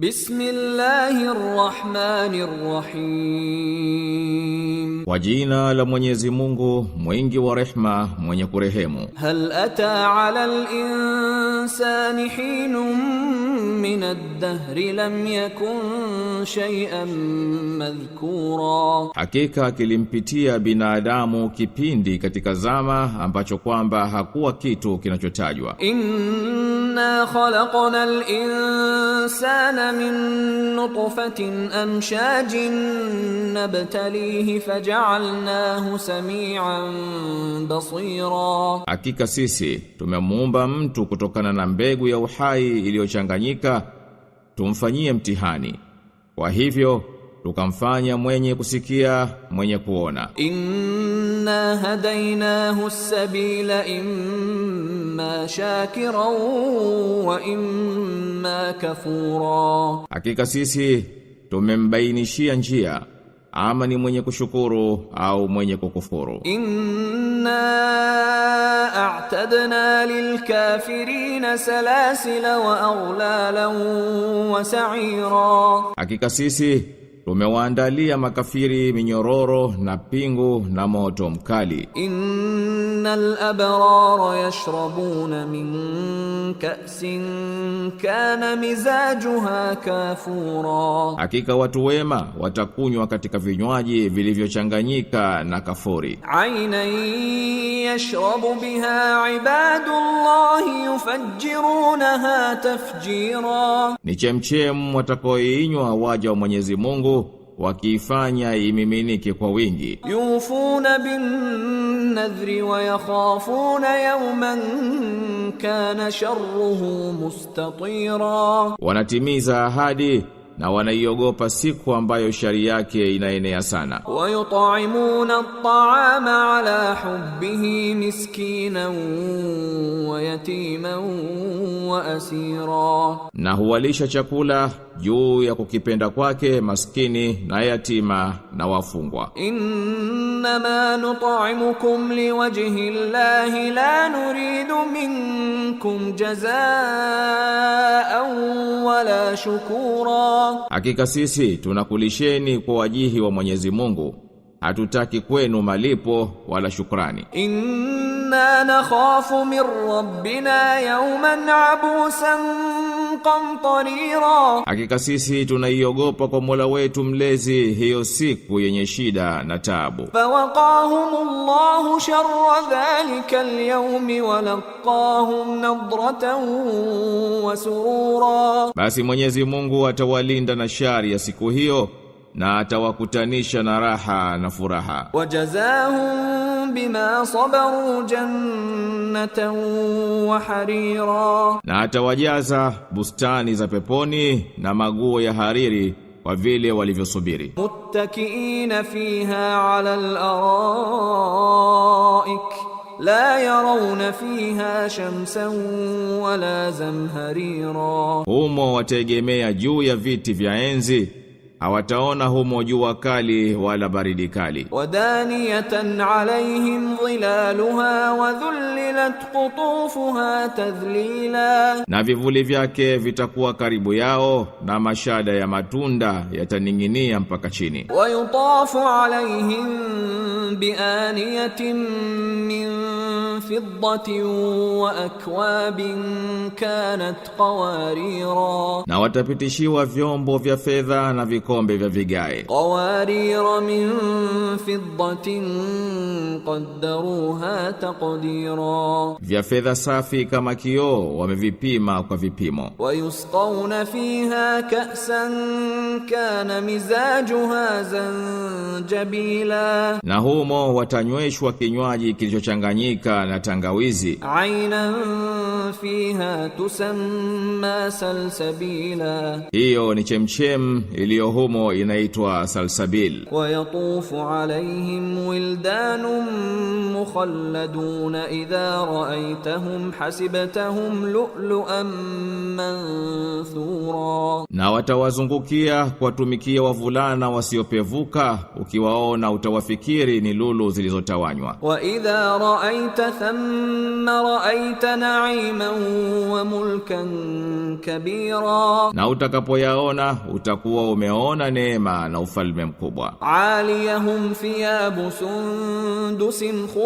Bismillahir Kwa jina la Mwenyezi Mungu, mwingi wa rehma, mwenye kurehemu. Hal ata ala al-insani hinun min ad-dahri lam yakun shay'an madhkura. Hakika kilimpitia binadamu kipindi katika zama ambacho kwamba hakuwa kitu kinachotajwa. Inna khalaqna insana min nutfatin amshajin nabtalihi faj'alnahu samian basira, hakika sisi tumemuumba mtu kutokana na mbegu ya uhai iliyochanganyika tumfanyie mtihani, kwa hivyo tukamfanya mwenye kusikia mwenye kuona. Inna hadainahu sabila im hakika sisi tumembainishia njia ama ni mwenye kushukuru au mwenye kukufuru. Inna a'tadna lilkafirina salasila wa aghlalan wa sa'ira, hakika sisi tumewaandalia makafiri minyororo na pingu na moto mkali. Innal abrara yashrabuna min ka'sin kana mizajuha kafura, hakika watu wema watakunywa katika vinywaji vilivyochanganyika na kafuri. Aina yashrabu biha ibadullahi yufajjirunaha tafjira, ni chemchem watakoinywa waja wa Mwenyezi Mungu wakifanya imiminike kwa wingi. Yufuna bin nadhri wa yakhafuna yawman kana sharruhu mustatira, wanatimiza ahadi na wanaiogopa siku ambayo shari yake inaenea sana. Wa yut'imuna at'ama ala hubbihi miskina wa yatima wa asira, na huwalisha chakula juu ya kukipenda kwake maskini na yatima na wafungwa. Innama nut'imukum liwajhi Allahi la nuridu minkum jazaan wala shukura, hakika sisi tunakulisheni kwa wajihi wa Mwenyezi Mungu, hatutaki kwenu malipo wala shukrani. Inna nakhafu min rabbina yawman abusan qamtarira, hakika sisi tunaiogopa kwa Mola wetu mlezi hiyo siku yenye shida na taabu. Fawaqahumullahu sharra dhalika alyawm wa laqahum nadratan wa surura, basi Mwenyezi Mungu atawalinda na shari ya siku hiyo na atawakutanisha na raha na furaha. Wajazahum bima sabaru jannatan wa harira, na atawajaza bustani za peponi na maguo ya hariri kwa vile walivyosubiri. Muttakiina fiha ala al-araik la yarawna fiha shamsan wala zamharira, humo wategemea juu ya viti vya enzi hawataona humo jua kali wala baridi kali. wadaniyatan alaihim dhilaluha wa dhullilat qutufuha tadhlila, na vivuli vyake vitakuwa karibu yao na mashada ya matunda yataning'inia mpaka chini. wa yutafu alaihim bianiyatin min na watapitishiwa vyombo vya fedha na vikombe vya vigae. vya fedha safi kama kioo wamevipima kwa vipimo. fiha ka'san kana mizajuha zanjabila, na humo watanyweshwa kinywaji kilichochanganyika na tangawizi. Aina fiha tusamma salsabila, hiyo ni chemchem iliyo humo inaitwa salsabil. Wa yatufu alaihim wildanun المخلدون إذا رأيتهم حسبتهم لؤلؤا منثورا na watawazungukia kuwatumikia wavulana wasiopevuka ukiwaona utawafikiri ni lulu zilizotawanywa wa idha raaita thamma raaita na'iman wa mulkan kabira na utakapoyaona utakuwa umeona neema na ufalme mkubwa aliyahum thiyabu sundusin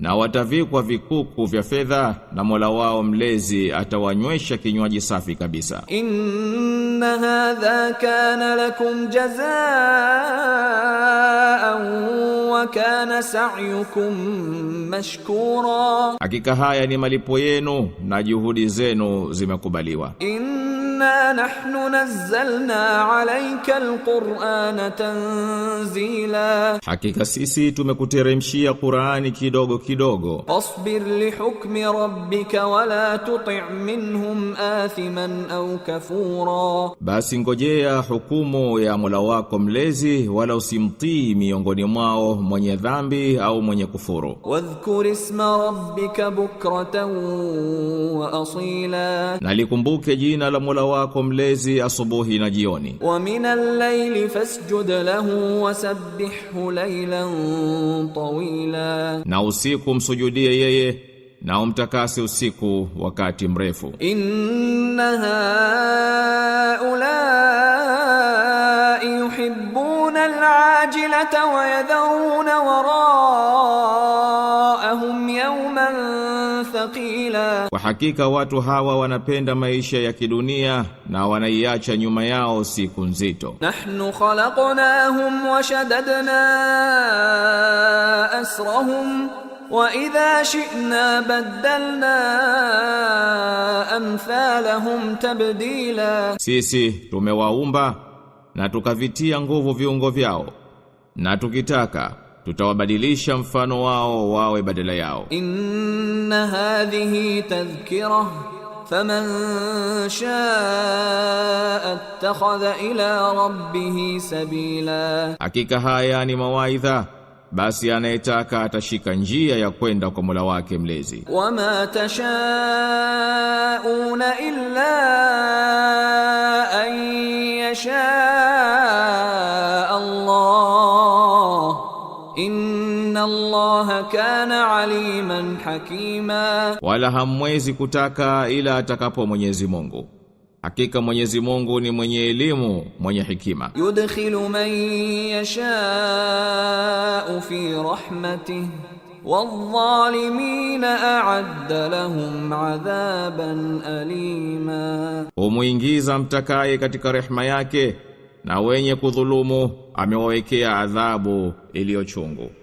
na watavikwa vikuku vya fedha na Mola wao mlezi atawanywesha kinywaji safi kabisa. Inna hadha kana lakum jazaan wa kana sa'yukum mashkura, hakika haya ni malipo yenu na juhudi zenu zimekubaliwa. In inna nahnu nazzalna alayka alqur'ana tanzila, hakika sisi tumekuteremshia Qur'ani kidogo kidogo. Fasbir lihukmi rabbika wala tuti' minhum athiman au kafura, basi ngojea hukumu ya Mola wako mlezi wala usimtii miongoni mwao mwenye dhambi au mwenye kufuru. Wadhkur isma rabbika bukratan wa asila, nalikumbuke jina la Mola wako mlezi asubuhi na jioni. Wa min al layli fasjud lahu wasabbihhu laylan tawila, na usiku msujudie yeye na umtakase usiku wakati mrefu. Inna haula yuhibbuna al-ajilata wa yadhuruna waraahum yawman thaqila, kwa hakika watu hawa wanapenda maisha ya kidunia na wanaiacha nyuma yao siku nzito. Nahnu khalaqnahum wa shaddadna asrahum wa idha shi'na badalna amthalahum tabdila, sisi tumewaumba na tukavitia nguvu viungo vyao na tukitaka tutawabadilisha mfano wao wawe badala yao. Inna hadhihi tadhkira faman shaa attakhadha ila rabbih sabila, hakika haya ni mawaidha basi anayetaka atashika njia ya kwenda kwa Mola wake mlezi. Wama tashauna illa an yasha Inna Allaha kana aliman hakima, wala hamwezi kutaka ila atakapo Mwenyezi Mungu. Hakika Mwenyezi Mungu ni mwenye elimu, mwenye hikima. Yudkhilu man yasha'u fi rahmatihi Wadhalimina a'adda lahum adhaban alima, humwingiza mtakaye katika rehema yake na wenye kudhulumu amewawekea adhabu iliyochungu